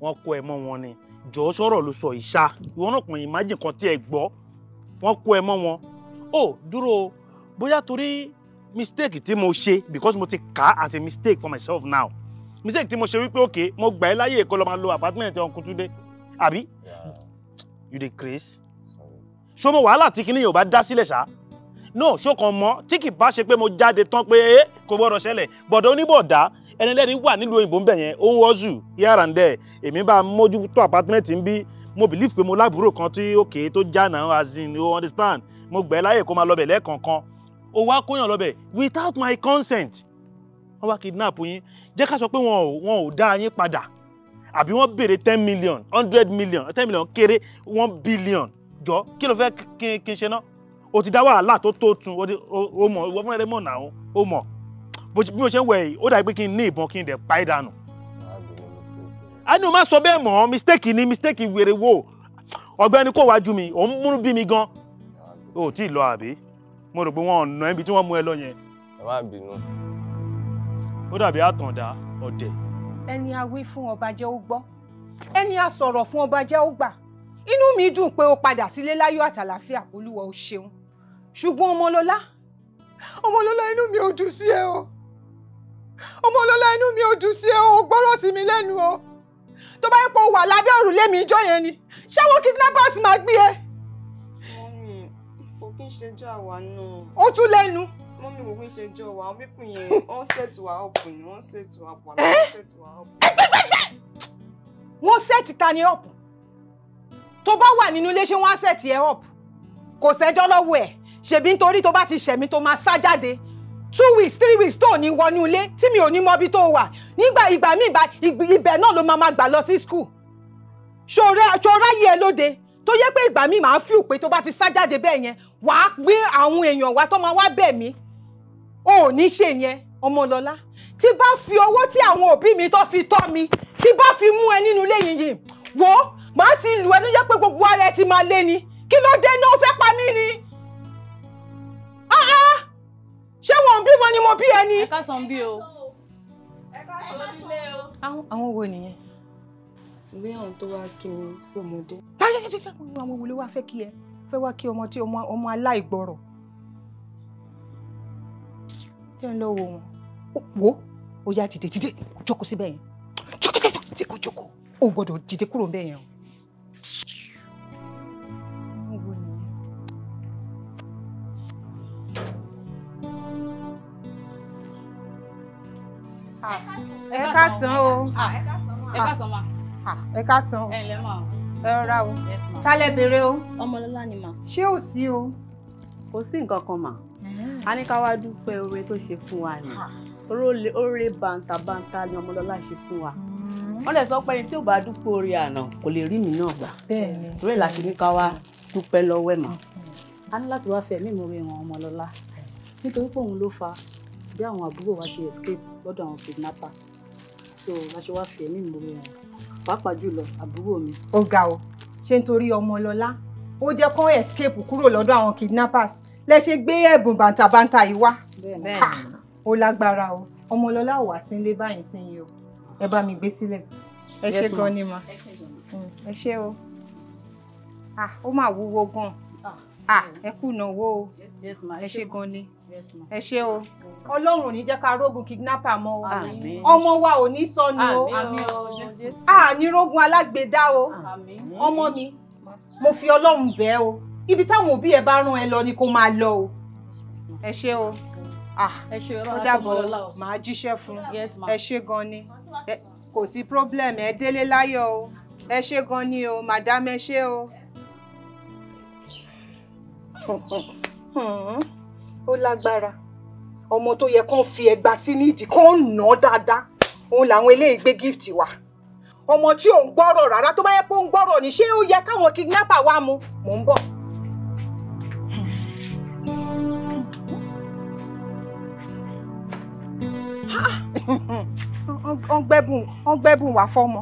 wọn kó ẹ mọ wọn ni jọ̀ọ́ sọ̀rọ̀ ló sọ ìṣá ìwọ náà pọn ìmájì kan tí ẹ gbọ́ wọn kó ẹ mọ wọn ó dúró bóyá torí mistake tí mo ṣe because mo ti kà á as a mistake for myself now mistake tí mo ṣe wípé ok mo gbà ẹ láyè kó lọ máa lo apartment ọkùn túndé àbí you dey craze ṣó mo wàhálà tí kinní yóò bá dá sílẹ̀ ṣá no ṣó kan mọ́ tí kì bá ṣe pé mo jáde tán pé ee kò gbọ́dọ̀ ṣẹlẹ̀ bọ̀dọ̀ oníbọ̀dá ẹnilẹ́ni wà nílùú òyìnbó ń bẹ̀ yẹn ó ń wọ́zù yàrá ń dẹ̀ èmi bá mójútó àpátímẹ́ǹtì ń bí mo believe pé mo lábúrò kan tí òkè tó já náà as in you understand mo gbẹ́ láyè kó máa lọ bẹ̀ lẹ́ẹ̀kọ̀ọ̀kan ó wá kóyàn lọ without my consent wọ́n wá kidnap yín jẹ́ ká sọ pé wọn ò wọn ò dá yín padà àbí wọ́n béèrè ten million hundred million ten million kéré one billion jọ kí ló fẹ́ kí n ṣe náà o ti dá wàhálà tó tó tun o mọ̀ ìwọ fúnra rẹ náà o mọ̀ bí mo ṣe ń wẹ̀ yìí ó dàbí pé kí n ní ìbọn kí n dẹ̀ pa é dànù. a ní o máa sọ bẹ́ẹ̀ mọ́ mistake ni mistake wèrè wo ọ̀gbẹ́ni kò wájú mi òun múnú bí mi gan o tí ì lọ àbí mo rò pé wọn ò nà ibi tí wọ́n mú ẹ lọ yẹn. ẹ má bínú. ó dàbí àtàndá ọ̀dẹ̀. ẹni a wí fún ọba jẹ́ ó gbọ́ ẹni a sọ̀rọ̀ fún ọba jẹ́ ó gbà inú mi dùn pé o padà sílé láyọ̀ àtàlàfíà olúwa o ṣeun ṣùgbọ́n ọmọlọ́lá ọmọlọ́lá inú mi ò dùn sí ẹ o ọmọlọ́lá inú mi ò dùn sí ẹ o gbọ́rọ̀ sí mi lẹ́nu o tó bá yẹ pé o wà lábẹ́ òrùlé mi ìjọ yẹn ni ṣáwọ́ kidnappers máa gbé ẹ. mọ́mí kò kí n ṣe jọ àwa náà. ó tún lẹ́nu. mọ́mí kò kí n ṣe jọ wa pípín yẹn wọ́n ṣètò wa ọ̀pọ̀ ni wọ́n ṣètò wa pọ̀ àti wọ́n ṣètò wa ọ̀pọ̀. ẹgbẹgbẹṣẹ wọn ṣètì ta ni ọ̀pọ̀ tó bá wà nínú ilé ṣé wọ́n á sẹ̀tì ẹ̀ up kò sẹ́jọ́ lọ́wọ́ ẹ̀ ṣèbí nítorí tó bá ti ṣẹ̀mí tó máa sá jáde two weeks three weeks tó ò ní wọnú ilé tí mi ò ní mọ ibi tó wà nígbà ìgbà míì ibẹ̀ náà ló máa máa gbà lọ sí school ṣòro ayé ẹ lóde tó yẹ pé ìgbà míì máa ń fi òpè tó bá ti sá jáde bẹ́ẹ̀ yẹn wàá gbé àwọn èèyàn wa tó máa wá bẹ̀ mí ò ní ṣe yẹn ọmọlọ́lá tí bá fi owó tí àwọn òbí mi tó fi tọ́ mi tí bá fi mú ẹ nínú ilé yìnyín wo màá ti lù ẹnu yẹ pé gbogbo ara ẹ ti máa lé ni kí ló dé náà ó fẹ́ pa mí ni. ṣé wọn ò bímọ ni mo bí ẹni. ẹ ká sàn bí o. ẹ ká sàn bí o. àwọn wo nìyẹn. ìwé àwọn tó wáá kí mi pé mo dé. táyà yẹn tó yẹ kó àwọn wòlé wá fẹ́ kí ẹ fẹ́ wá kí ọmọ tí ọmọ aláìgbọrọ̀. jẹ́ ń lọ wo wọn. wo ó yá dìde dìde jókòó síbẹ̀ yẹn jókòó jókòó jókòó o gbọ́dọ̀ dìde kúrò ńbẹ̀ yẹn o. ẹ ká san o ẹ ká san o ẹ lẹ ma ẹ rọra o tálẹ̀ béèrè o ọmọlọ́lá ni ma ṣé ò sí o kò sí nǹkan kan mà á ní ká wá dúpẹ́ oore tó ṣe fún wa ni oore bàǹtàbàǹtà ni ọmọlọ́lá ṣe fún wa. Mm wọ́n lè sọ pé ẹni tí ò bá dúpọ̀ orí àná kò lè rí mi náà gbà torí ìlà kìíní ká wá dúpẹ́ lọ́wọ́ ẹ̀ mọ́ a ní láti wáá fẹ̀mí ìmọ̀wé wọn ọmọ lọ́lá nítorí pé òun ló fa bí àwọn àbúrò wa ṣe escape lọ́dọ̀ àwọn kidnapper so la ṣe wáá fẹ̀mí ìmọ̀wé wọn pàápàá jùlọ àbúrò mi. ó ga o ṣé nítorí ọmọ lọ́lá ó jẹ́ kó escape kúrò lọ́dọ̀ àwọn kidnappers lẹ ṣe gbé ẹ̀bùn bàǹtàbàǹtà yìí wá ó lágbára o ọmọ lọ́lá ò wá sí ilé báyìí sí yìí o ẹ bá mi gbé sílẹ̀ ẹ ṣe gan ni mà ẹ ṣe mm, o ó mà wúwo gan ẹ kùnà owó o ẹ ṣe gan ni ẹ ṣe o ọlọ́run ò ní jẹ́ ká rógun kidnapper mọ́ o ọmọ wa ò ní sọnù o àní rógun alágbèédá o ọmọ mi mo fi ọlọ́run bẹ́ẹ̀ o ibi táwọn òbí ẹ bá rán ẹ lọ ni kó máa lọ o ẹ o ẹ ṣe o ó dàbọ̀ màá jíṣẹ́ fún ẹ ṣe gan ni kò sí problem ẹ délé láyọ̀ o ẹ ṣé gan ni o madam ẹ ṣé o. ó lágbára ọmọ tó yẹ kán fi ẹgba sí nídìí kán nà án dáadáa òun làwọn eléyìí gbé gift wá ọmọ tí ò ń gbọ́rọ̀ rárá tó bá yẹ pé ó ń gbọ́rọ̀ ní ṣé ó yẹ káwọn kidnapper wá mú mò ń bọ̀. ọ̀ngbẹ́bùn ọ̀ngbẹ́bùn wà fọ́mọ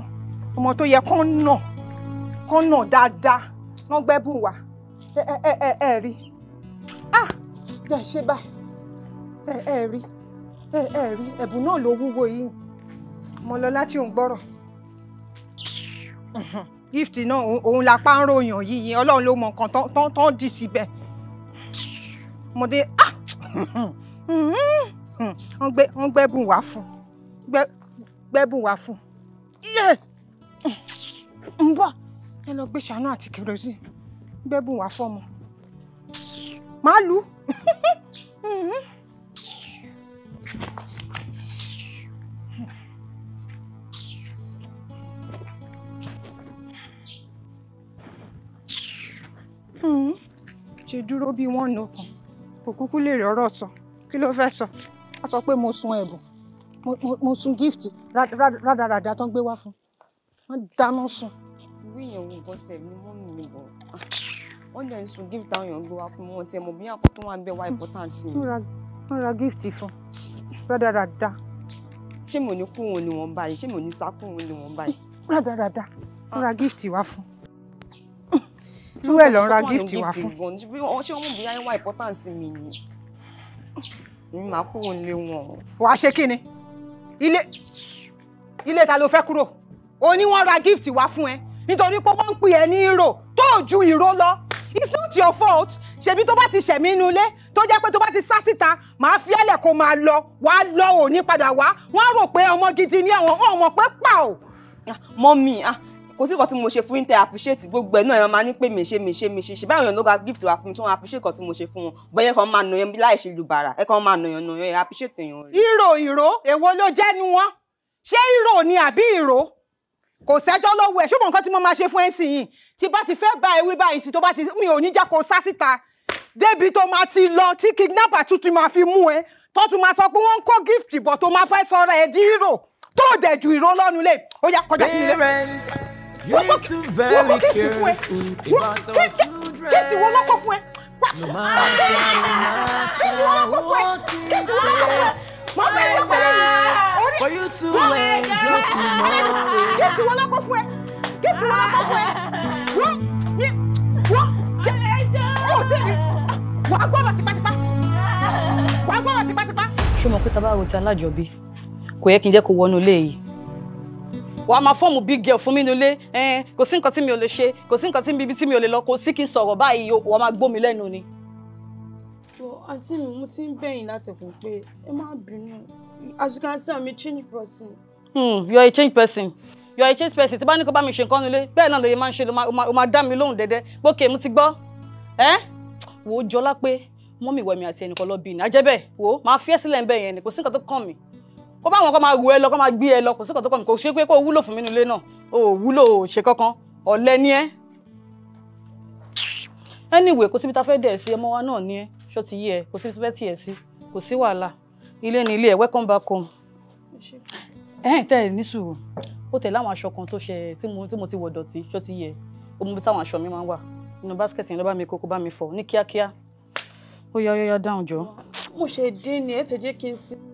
ọmọ tó yẹ kán nà kán nà dáadáa ọ̀ngbẹ́bùn wà ẹ ẹ ẹ ẹ rí ah jẹ́ ẹ ṣe báyìí ẹ ẹ rí ẹ ẹ rí ẹ̀bùn náà ló wúwo yìí mo lọ láti òun gbọ́rọ̀ gift náà òun la pa ń ròyàn yìí ọlọ́run ló mọ nǹkan tán tán dì síbẹ̀ mo dé ah wọ́n gbẹ́bùn wá fún un gbẹ́bùn wá fún yẹ ń bọ̀ ẹ lọ gbé ṣàánú àti kérosín gbẹ́bùn wá fọ́mọ màá lù ú. ṣe dúró bí wọ́n nù kàn kò kúkú lè rí ọ̀rọ̀ sọ kí ló fẹ́ sọ a sọ pé mo sun ẹ̀bùn mo sun gift rádaràdà tó ń gbé wá fún wọn dáná sun. irú ìyẹn wo nǹkan ṣe ni mọ́mì mi bọ̀ ah, wọ́n lè sun gift táwọn èèyàn gbé wá fún wọn tiẹ̀ mọ̀ bí àkókò tó wà ń bẹ̀ wá important sí i. wọ́n ra gift fún rádaràdà. ṣé mo ní kú wọn ni wọ́n báyìí ṣé mo ní sá kú wọn ni wọ́n báyìí. rádaràdà wọ́n ra gift wá fún tú ẹ lọ ra gift wá fún. ṣé wọ́n mú bí ayé wá important sí mi ni mi máa kúrò nílé wọn. wàá ṣe kí ni ilé ilé ta ló fẹ́ kúrò o ní wọ́n ra gift wá fún ẹ nítorí pé wọ́n ń pè ẹ́ ní hero tó ju hero lọ it's not your fault ṣèbí tó bá ti ṣẹ̀mí inú ilé tó jẹ́ pé tó bá ti sá síta màá fi ẹ̀lẹ̀ kó máa lọ wàá lọ ò ní padà wá wọ́n rò pé ọmọ gidi ní ẹ̀wọ̀n ọmọ pé pa ò. Ah, mọ́mì ah, kò sí nǹkan tí mo ṣe fún yín tẹ appreciate gbogbo ẹ náà ẹ máa ní pé mi ṣe mi ṣe mi ṣe ṣe báwọn èèyàn ló ga gift wá fún mi tí wọn appreciate nǹkan tí mo ṣe fún wọn bọyẹ kan máa nàyàn láì ṣe lu bàrà ẹ kan máa nàyàn nàyàn ẹ appreciate èèyàn rẹ. ìrò ìrò èwo ló jẹ́ nu wọn ṣé ìrò ni àbí ìrò kò sẹ́jọ́ lọ́wọ́ ẹ̀ ṣùgbọ́n nǹkan tí mo máa ṣe fún ẹ̀ sìn yìí tí bá ti fẹ́ bá ewé báyìí sí tó bá ti mi ò ní jẹ́ kó sá síta débi tó máa ti lọ tó gift bọ̀ tó máa fẹ́ sọ̀rọ̀ hero tó dẹ̀ ju ìró lọ́nu lé ó kọjá sí ilé wọ́n kọ́ kí wọ́n kọ́ kí fún ẹ wọ́n kéèsì wọ́n lọ́kọ̀ fún ẹ for you to enjoy tomorrow. Get to one up for Get to one up for What? What? Oh, tell me. Wàá gbọ́dọ̀ tipátipá. Wàá gbọ́dọ̀ tipátipá. Ṣé o mọ̀ pé tá a bá rò ti alájọbí? Kò yẹ kí n jẹ́ kó wọnú ilé yìí wàá máa fọ́ọ̀mù big girl fún mi nílé kò sí nǹkan tí mi ò lè ṣe kò sí nǹkan tí ibi tí mi ò lè lọ kò sí kí n sọ̀rọ̀ báyìí wàá máa gbó mi lẹ́nu ni. àǹtí mi mo ti ń bẹ̀yìn látẹ̀kùn pé ẹ má bínú as you can see i'm a change hmm, person. you are a change person you are a change person tí bá ní kó bá mi ṣe nǹkan nílé bẹ́ẹ̀ náà lóye máa ń ṣe ló máa dá mi lóhùn dẹ́dẹ́ gbókè mo ti gbọ́ ẹ́ wò ó jọlá pé mọ́mì wẹ̀mí àti ẹnìkan lọ bí ni àjẹ́bẹ̀ wò ó máa fi ẹ́ sílẹ̀ ń bẹ̀ yẹn ni kò sí nǹkan tó kàn mí kó bá wọn kó máa wù ẹ lọ kó máa gbé ẹ lọ kò sí kan tó kàn mí kò ṣe pé kó wúlò fún mi nílé náà o wúlò ò ṣe kankan ọ̀lẹ ni ẹ́ anyway kò síbi tá a fẹ́ dẹ̀ sí ọmọ wa náà ni ẹ́ ṣó ti yí ẹ kò síbi tó fẹ́ tiẹ̀ sí kò sí wàhálà ilé ni ilé ẹ welcome back home ẹ̀hìn tẹ́ ẹ̀ ní sùúrù ó tẹ̀ láwọn aṣọ kan tó ṣe tí mo tí mo ti wọ̀ dọ̀tí ṣó ti yẹ ó mú bí táwọn aṣọ mi máa ń wà inú báskẹ̀tì yẹn ló bá mi kó kó bá mi fọ̀ ní kíákíá ó yá ó yá dáhùn jọ. mo ṣe dín ní ẹ tẹ jẹ́ kí n sinmi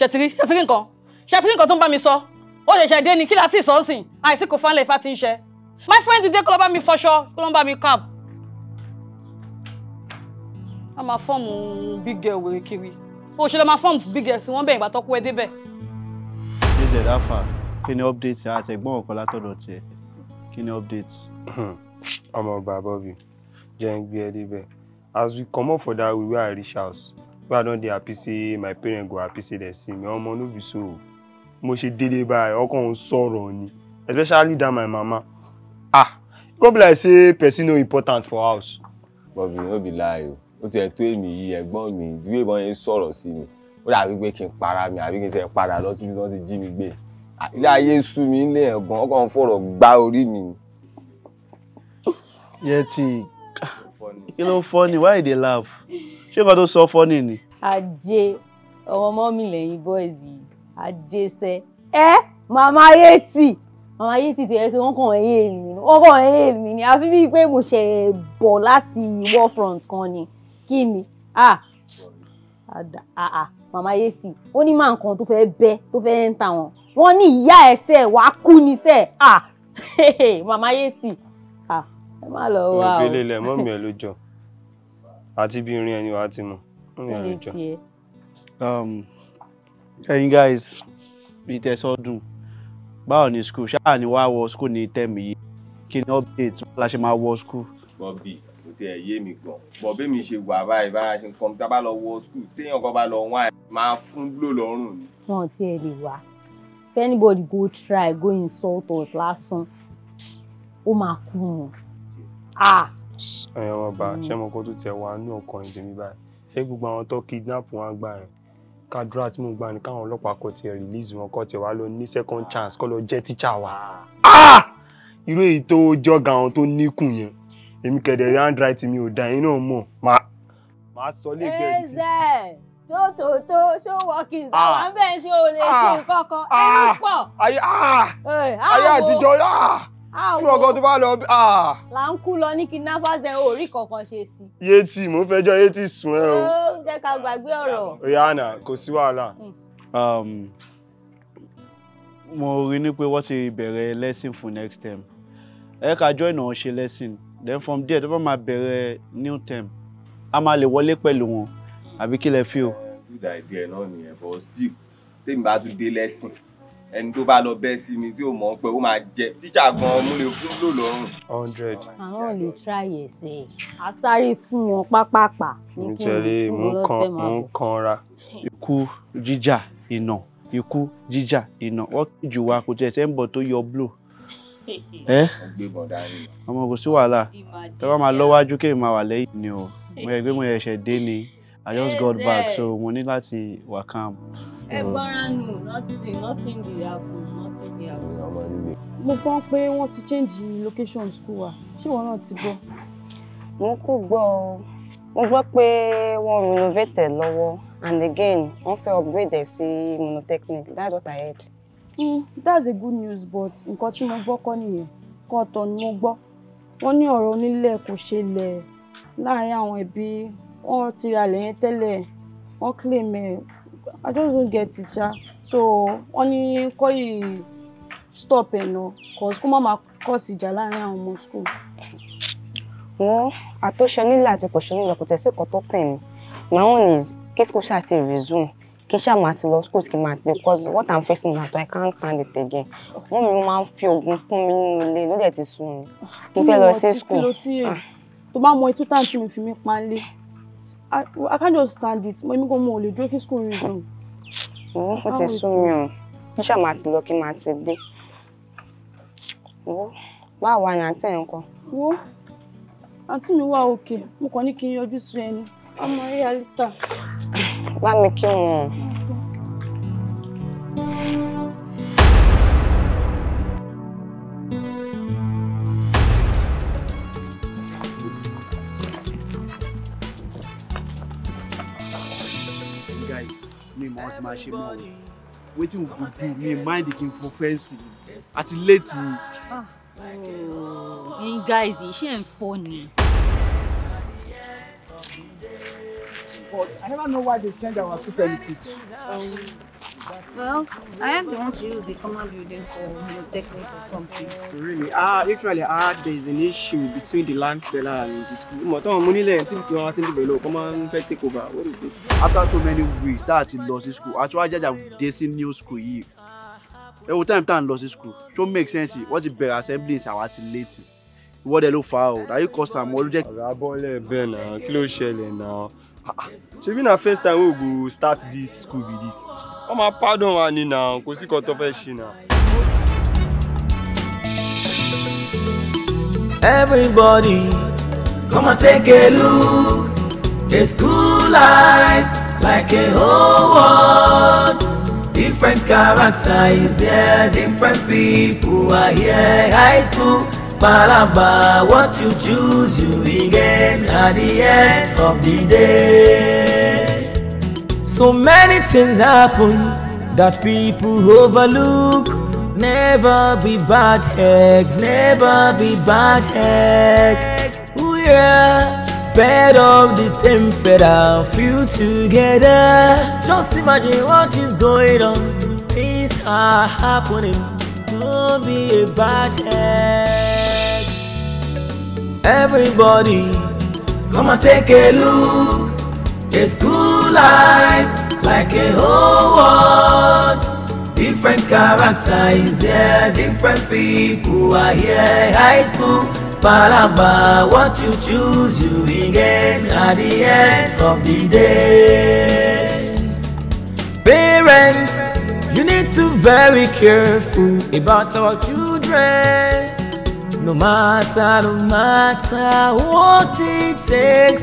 ṣètìrí ṣètìrí nǹkan ṣètìrí nǹkan tó ń bá mi sọ ó lè ṣẹ̀dé ni kí la ti sọ ń sìn àìsí kò fánlẹ̀ ifá ti ń ṣe my friend dìde kó lọ bá mi fọṣọ kó lọ bá mi cab. a máa fọ́ọ̀mù big girl wèrè kiri o ṣe lọ máa fọ́ọ̀mù big girl sí wọ́n bẹ̀yìn ìgbà tó kú ẹ débẹ̀. jíjẹ dáfà kí ni update àtẹ̀gbọ́n ọ̀kan látọ̀dọ̀ tiẹ̀ kí ni update. ọmọ ọba bobby jẹ́ ń gbé ẹ débẹ̀ as we comot for that we wey i reach house if i don dey happy say my parents go happy say dem see me ọmọ no be so mo ṣe délé báyìí ọkàn ń sọ̀rọ̀ ni especially dat my mama ah e go be like say person no important for house. bọ́bí no be lie o ó tiẹ̀ tó èmi yìí ẹ̀gbọ́n mi bí ìbọn yẹn sọ̀rọ̀ sí mi ó dàbí pé kí n para mi àbí kí n ṣe padà lọ síbi tí wọ́n ti jí mi gbé ah, ilé ayé sú mi ilé ẹ̀gbọ́n ọkàn ń fọ̀rọ̀ gbá orí mi. yẹtì kí ló ń fọ́ ni why you dey laugh ṣé nǹkan tó sọ fọ́nì ni. ajé ọmọ ọmọ mi lẹ́yìn boys yìí ajé sẹ ẹ màmá ayé tì màmá ayé tì tó yẹ kí wọ́n kàn ẹ́ yé mi ni wọ́n kàn ẹ́ yé mi ni àfi bíi pé mo ṣe bọ̀ láti war front kan ni kí ni ah ah màmá ayé tì ó ní máa nǹkan tó fẹ́ bẹ́ tó fẹ́ ń ta wọn wọ́n ní ìyá ẹsẹ̀ wàá kú ni sẹ́ ah màmá ayé tì ah ẹ má lọ wá o. òbí lè lẹ̀ mọ́ ló jọ àti bí irin ẹni wàá ti mọ̀ ní àlejò. Um, ẹ̀yin guys bíi tẹ̀sán dùn báwo ni school ṣáà ni wàá wọ school ní tẹ́ẹ̀mù yìí kí ni update wọn la ṣe máa wọ school. bọ́bí kò tiẹ̀ yé mi gan bọ́bí mi ṣe wà báyìí bá a ṣe ń kọ́ mi bá lọ wọ school téèyàn kan bá lọ wọ́n àì máa fún lò lọ́rùn ni. wọn ò tiẹ̀ lè wá if anybody go try go insult us lásán ó máa kú wọn. ah ẹ̀yàn eh, ọba hmm. ṣé mo kó tó tiẹ̀ wá ní ọkàn ìdèmí báyìí ṣé gbogbo àwọn tó kidnap wọn gbà yẹn kádúrà tí mo gbà ní káwọn ọlọ́pàá kò tiẹ̀ release wọn kò tiẹ̀ wá lọ ní second chance kó lọ jẹ́ teacher wa ah! irú èyí tó jọ́gà àwọn tó níkùn yẹn èmi kẹ̀dẹ̀ rí handwriting mi ò dá yín náà mọ̀ máa sọ lẹ́gbẹ̀ẹ́ ìfẹ́. ẹ̀ẹ́dẹ̀ tó tó tó ṣó wọ́ọ̀kì sáwọn ah! bẹ́ẹ̀ tí o lè ṣe ah! nǹkan ẹnu pọ̀. ayé àtijọ́ Ah, tí wọn kan tó bá lọ. Ah. là ń kú lọ ní kidnappers ẹ ò rí kankan ṣe sí. yéètì mo fẹjọ́ yéètì sùn ẹ o. ó jẹ́ ká gbàgbé ọ̀rọ̀. oya ana kò sí wàhálà. Hmm. Um, mo rí ni pé wọ́n ti bẹ̀rẹ̀ lesson for next term ẹ ká join ọ̀hún ṣe lesson then from there tó bá máa bẹ̀rẹ̀ new term a máa lè wọlé pẹ̀lú wọn àbí kí lẹ fi o. good idea náà nìyẹn but still tèmi bá tún dé lesson ẹni tó bá lọ bẹ́ sí mi tí ò mọ̀ pé ó máa jẹ tíṣà gan-an lè fún lò lọ́rùn. hundred. àwọn ò lè tíráyè ṣe é a sáré fún wọn pápápá. nítorí mò ń kan mò ń kanra ikú jíjà iná ikú jíjà iná wọ́n kì jù wá kò tiẹ̀ tẹ́ ń bọ̀ tó yọ blow ẹ ọmọ kò sí wàhálà tó bá máa lọ́wájú kéèmí máa wà lẹ́yìn ni o mo yẹ pé mo yẹ ṣẹ̀ dé ni. I just got back, eh. so mo ní láti wà camp. Ẹ gbọ́ra nù, nothing, nothing dey happen, nothing dey happen. Mo gbọ́ pé wọ́n ti change location school wa, ṣé ìwọ náà ti gbọ́? Mo kò gbọ́ o. Mo gbọ́ pé wọ́n renovate ẹ̀ lọ́wọ́ and again, wọ́n fẹ́ upgrade ẹ̀ sí monotechnic, that's what I heard. Mm, that's a good news but nǹkan tí mo gbọ́ kọ́ nìyẹn, kọ́ ọ̀tọ̀ ni mo gbọ́. Wọ́n ní ọ̀rọ̀ onílẹ̀ kò ṣe lẹ̀ láàárín àwọn ẹbí wọ́n ti ra ilẹ̀ yẹn tẹ́lẹ̀ wọ́n claim ẹ̀ I just don't get it ṣá so wọ́n ní kọ́ yìí stop ẹ̀ náà cause kó má máa cause ìjà láàrin àwọn ọmọ school. wọ́n àtúnṣe nílẹ̀ àti kò ṣe nílẹ̀ kò tẹ̀sí kan tó kàn mí my own is kí school ṣáà ti resume kí ṣáà máa ti lọ school kí máa ti dé because what i'm facing na to i can't stand it again wọn mi máa ń fi oògùn fún mi nínú ilé ló dẹ̀ ti sùn mi mo fẹ́ lọ sí school. kí ni mo ti kí ló ti rè ah. tó bá mọ etú tàǹtí mi fi mí pa lé. I, can't just stand it. Mo ní kò hmm. mo lè dúró school rí dùn. Ó tẹ̀ sún mi o. Kí ṣáà máa ti lọ kí máa ti dé. Báwo wà ní àǹtí ẹ̀ ń kọ? Wo àǹtí mi wà òkè. Mo kàn ní kí n yọjú sí ẹni. Ọmọ rí alítà. Bá mi kí mi mọ̀ ọ́n máa ṣe mọ́ o wetin we go do me mind again for fencing àti late yìí. Ah. Oh. ẹ̀yin guys yìí ṣe ń fọ́ ni. but I never know why they change our school oh. Um, Well, I am the one to use the common building for you know, technique or something. Really? Ah, literally, ah, there is an issue between the land seller and the school. Mo tọ́wọ́n money nílẹ̀ tí kí wọ́n ti ń dìbò lọ, take over. What is it? After so many weeks, that a ti school, actually, wàá jàjà dé sí new school yìí. Ẹ time I'm à ń school, ṣó make sense What the bẹ̀rẹ̀ assemblies àwa ti late. What they look o, Are you ọdún jẹ́. Ọ̀rọ̀ abọ́lẹ̀ bẹ́ẹ̀ náà, kí ló ṣẹlẹ̀ ṣebí na first time wey we go start dis school be dis wọn pardon wa ni na kò sí kan tó fẹ́ ṣe na. everybody come and take a look a school life like a whole world different character is here different people are here high school. Palaba, what you choose, you will gain at the end of the day. So many things happen that people overlook. Never be bad egg, never be bad egg. Ooh yeah bed of the same feather, feel together. Just imagine what is going on. Things are happening. Don't be a bad head. Everybody, come and take a look. A school life like a whole world. Different character is here, different people are here. High school, Palaba, what you choose, you will gain at the end of the day. Parents, you need to very careful about our children. No matter, no matter what it takes,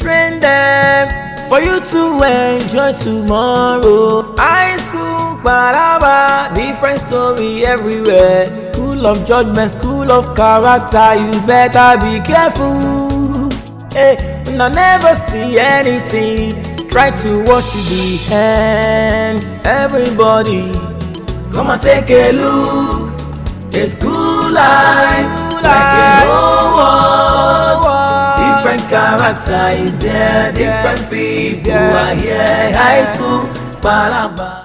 train them for you to enjoy tomorrow. High school, paraba, different story everywhere. School of judgment, school of character, you better be careful. Hey, and I never see anything. Try to wash the end. Everybody, come and take a look. It's school life. like a robot. Different characters, is different people are here. High school, Palamba.